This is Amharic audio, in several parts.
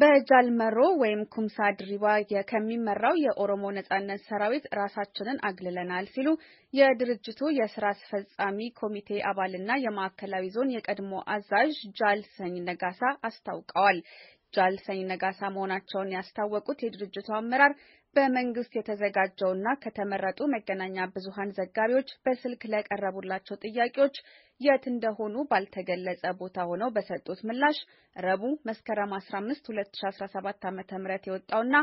በጃልመሮ ወይም ኩምሳ ድሪባ ከሚመራው የኦሮሞ ነጻነት ሰራዊት ራሳችንን አግልለናል ሲሉ የድርጅቱ የስራ አስፈጻሚ ኮሚቴ አባልና የማዕከላዊ ዞን የቀድሞ አዛዥ ጃልሰኝ ነጋሳ አስታውቀዋል። ጃልሰኝ ነጋሳ መሆናቸውን ያስታወቁት የድርጅቱ አመራር በመንግስት የተዘጋጀውና ከተመረጡ መገናኛ ብዙሃን ዘጋቢዎች በስልክ ለቀረቡላቸው ጥያቄዎች የት እንደሆኑ ባልተገለጸ ቦታ ሆነው በሰጡት ምላሽ ረቡዕ መስከረም 15 2017 ዓ.ም የወጣውና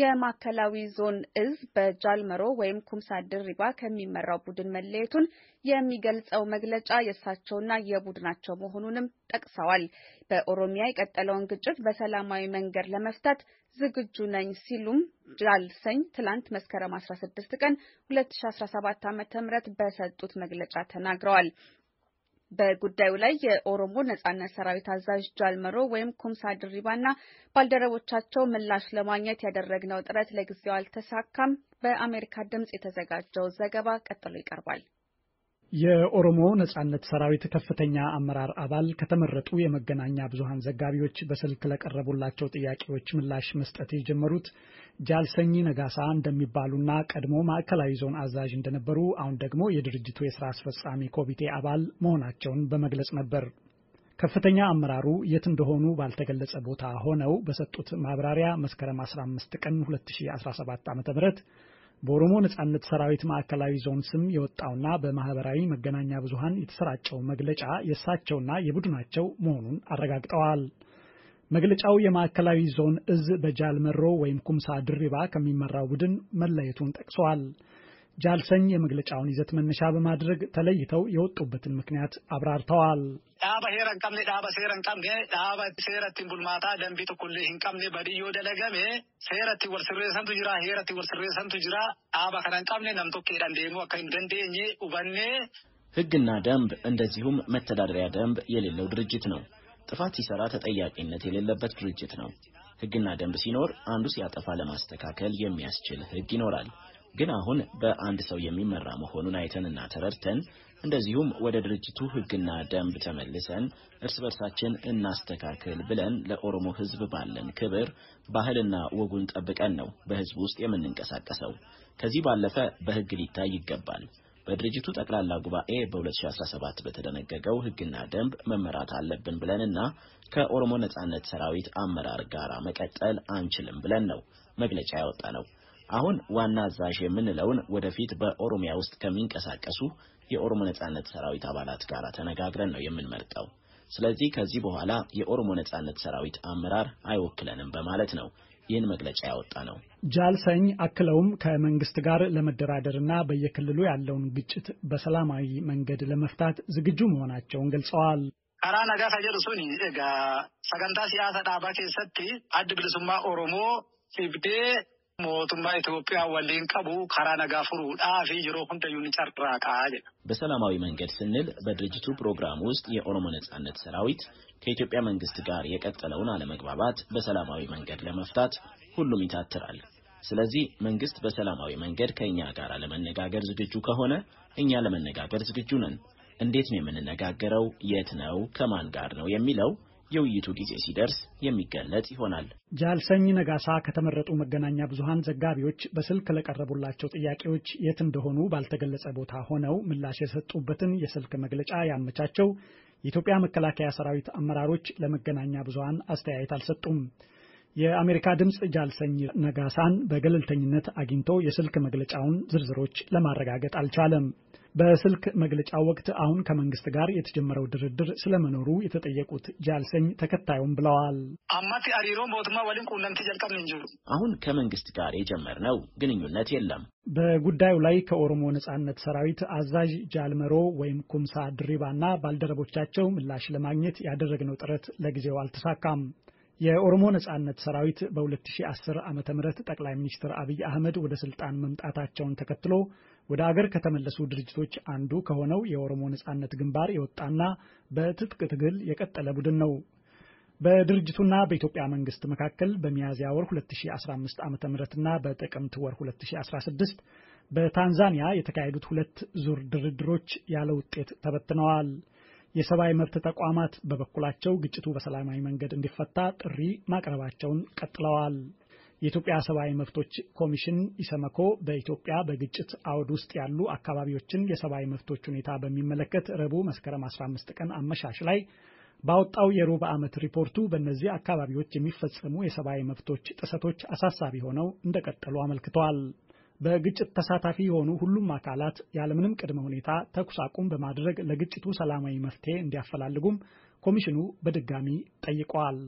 የማዕከላዊ ዞን እዝ በጃልመሮ ወይም ኩምሳ ድሪባ ከሚመራው ቡድን መለየቱን የሚገልጸው መግለጫ የእሳቸውና የቡድናቸው መሆኑንም ጠቅሰዋል። በኦሮሚያ የቀጠለውን ግጭት በሰላማዊ መንገድ ለመፍታት ዝግጁ ነኝ ሲሉም ጃልሰኝ ትላንት መስከረም 16 ቀን 2017 ዓ.ም በሰጡት መግለጫ ተናግረዋል። በጉዳዩ ላይ የኦሮሞ ነጻነት ሰራዊት አዛዥ ጃልመሮ ወይም ኩምሳ ድሪባና ባልደረቦቻቸው ምላሽ ለማግኘት ያደረግነው ጥረት ለጊዜው አልተሳካም። በአሜሪካ ድምጽ የተዘጋጀው ዘገባ ቀጥሎ ይቀርባል። የኦሮሞ ነጻነት ሰራዊት ከፍተኛ አመራር አባል ከተመረጡ የመገናኛ ብዙሃን ዘጋቢዎች በስልክ ለቀረቡላቸው ጥያቄዎች ምላሽ መስጠት የጀመሩት ጃልሰኝ ነጋሳ እንደሚባሉና ቀድሞ ማዕከላዊ ዞን አዛዥ እንደነበሩ አሁን ደግሞ የድርጅቱ የስራ አስፈጻሚ ኮሚቴ አባል መሆናቸውን በመግለጽ ነበር። ከፍተኛ አመራሩ የት እንደሆኑ ባልተገለጸ ቦታ ሆነው በሰጡት ማብራሪያ መስከረም 15 ቀን 2017 ዓ.ም በኦሮሞ ነጻነት ሰራዊት ማዕከላዊ ዞን ስም የወጣውና በማህበራዊ መገናኛ ብዙሃን የተሰራጨው መግለጫ የእሳቸውና የቡድናቸው መሆኑን አረጋግጠዋል። መግለጫው የማዕከላዊ ዞን እዝ በጃል መሮ ወይም ኩምሳ ድሪባ ከሚመራው ቡድን መለየቱን ጠቅሰዋል። ጃልሰኝ የመግለጫውን ይዘት መነሻ በማድረግ ተለይተው የወጡበትን ምክንያት አብራርተዋል። ዳባ ሄረን ቀምኔ ዳባ ሴረን ቀምኔ ዳባ ሴረትን ቡልማታ ደንቢ በድዮ ደለገሜ ጅራ ጅራ ዳባ ከነን ነምቶኬ ደንዴሙ አካ ደንዴኝ ህግና ደንብ እንደዚሁም መተዳደሪያ ደንብ የሌለው ድርጅት ነው። ጥፋት ሲሰራ ተጠያቂነት የሌለበት ድርጅት ነው። ህግና ደንብ ሲኖር አንዱ ሲያጠፋ ለማስተካከል የሚያስችል ህግ ይኖራል። ግን አሁን በአንድ ሰው የሚመራ መሆኑን አይተንና ተረድተን እንደዚሁም ወደ ድርጅቱ ሕግና ደንብ ተመልሰን እርስ በርሳችን እናስተካክል ብለን ለኦሮሞ ሕዝብ ባለን ክብር ባህልና ወጉን ጠብቀን ነው በሕዝብ ውስጥ የምንንቀሳቀሰው። ከዚህ ባለፈ በሕግ ሊታይ ይገባል። በድርጅቱ ጠቅላላ ጉባኤ በ2017 በተደነገገው ሕግና ደንብ መመራት አለብን ብለንና ከኦሮሞ ነጻነት ሰራዊት አመራር ጋር መቀጠል አንችልም ብለን ነው መግለጫ ያወጣ ነው። አሁን ዋና አዛዥ የምንለውን ወደፊት በኦሮሚያ ውስጥ ከሚንቀሳቀሱ የኦሮሞ ነጻነት ሰራዊት አባላት ጋር ተነጋግረን ነው የምንመርጠው። ስለዚህ ከዚህ በኋላ የኦሮሞ ነጻነት ሰራዊት አመራር አይወክለንም በማለት ነው ይህን መግለጫ ያወጣ ነው። ጃልሰኝ አክለውም ከመንግስት ጋር ለመደራደርና በየክልሉ ያለውን ግጭት በሰላማዊ መንገድ ለመፍታት ዝግጁ መሆናቸውን ገልጸዋል። ከራ ነጋ ከጀር ሱኒ ሰገንታ ሲያሰ ዳባ ኬሰቲ አድ ብልሱማ ኦሮሞ ኢብዴ ሞቱማ ኢትዮጵያ ወሊን ቀቡ ካራ ነጋ ፍሩዳ ፊ ጅሮ ሁንደዩን ጨራቃ በሰላማዊ መንገድ ስንል በድርጅቱ ፕሮግራም ውስጥ የኦሮሞ ነጻነት ሰራዊት ከኢትዮጵያ መንግስት ጋር የቀጠለውን አለመግባባት በሰላማዊ መንገድ ለመፍታት ሁሉም ይታትራል። ስለዚህ መንግስት በሰላማዊ መንገድ ከእኛ ጋር ለመነጋገር ዝግጁ ከሆነ እኛ ለመነጋገር ዝግጁ ነን። እንዴት ነው የምንነጋገረው? የት ነው? ከማን ጋር ነው? የሚለው የውይይቱ ጊዜ ሲደርስ የሚገለጽ ይሆናል። ጃልሰኝ ነጋሳ ከተመረጡ መገናኛ ብዙሃን ዘጋቢዎች በስልክ ለቀረቡላቸው ጥያቄዎች የት እንደሆኑ ባልተገለጸ ቦታ ሆነው ምላሽ የሰጡበትን የስልክ መግለጫ ያመቻቸው የኢትዮጵያ መከላከያ ሰራዊት አመራሮች ለመገናኛ ብዙሃን አስተያየት አልሰጡም። የአሜሪካ ድምፅ ጃልሰኝ ነጋሳን በገለልተኝነት አግኝቶ የስልክ መግለጫውን ዝርዝሮች ለማረጋገጥ አልቻለም። በስልክ መግለጫ ወቅት አሁን ከመንግስት ጋር የተጀመረው ድርድር ስለመኖሩ የተጠየቁት ጃልሰኝ ተከታዩም ብለዋል። አሁን ከመንግስት ጋር የጀመርነው ግንኙነት የለም። በጉዳዩ ላይ ከኦሮሞ ነጻነት ሰራዊት አዛዥ ጃልመሮ ወይም ኩምሳ ድሪባ ባልደረቦቻቸው ምላሽ ለማግኘት ያደረግነው ጥረት ለጊዜው አልተሳካም። የኦሮሞ ነጻነት ሰራዊት በ2010 ዓ ም ጠቅላይ ሚኒስትር አብይ አህመድ ወደ ስልጣን መምጣታቸውን ተከትሎ ወደ አገር ከተመለሱ ድርጅቶች አንዱ ከሆነው የኦሮሞ ነጻነት ግንባር የወጣና በትጥቅ ትግል የቀጠለ ቡድን ነው። በድርጅቱና በኢትዮጵያ መንግስት መካከል በሚያዝያ ወር 2015 ዓ ምና በጥቅምት ወር 2016 በታንዛኒያ የተካሄዱት ሁለት ዙር ድርድሮች ያለ ውጤት ተበትነዋል። የሰብአዊ መብት ተቋማት በበኩላቸው ግጭቱ በሰላማዊ መንገድ እንዲፈታ ጥሪ ማቅረባቸውን ቀጥለዋል። የኢትዮጵያ ሰብአዊ መብቶች ኮሚሽን ኢሰመኮ በኢትዮጵያ በግጭት አውድ ውስጥ ያሉ አካባቢዎችን የሰብአዊ መብቶች ሁኔታ በሚመለከት ረቡዕ መስከረም 15 ቀን አመሻሽ ላይ ባወጣው የሩብ ዓመት ሪፖርቱ በእነዚህ አካባቢዎች የሚፈጸሙ የሰብአዊ መብቶች ጥሰቶች አሳሳቢ ሆነው እንደቀጠሉ አመልክተዋል። በግጭት ተሳታፊ የሆኑ ሁሉም አካላት ያለምንም ቅድመ ሁኔታ ተኩስ አቁም በማድረግ ለግጭቱ ሰላማዊ መፍትሄ እንዲያፈላልጉም ኮሚሽኑ በድጋሚ ጠይቋል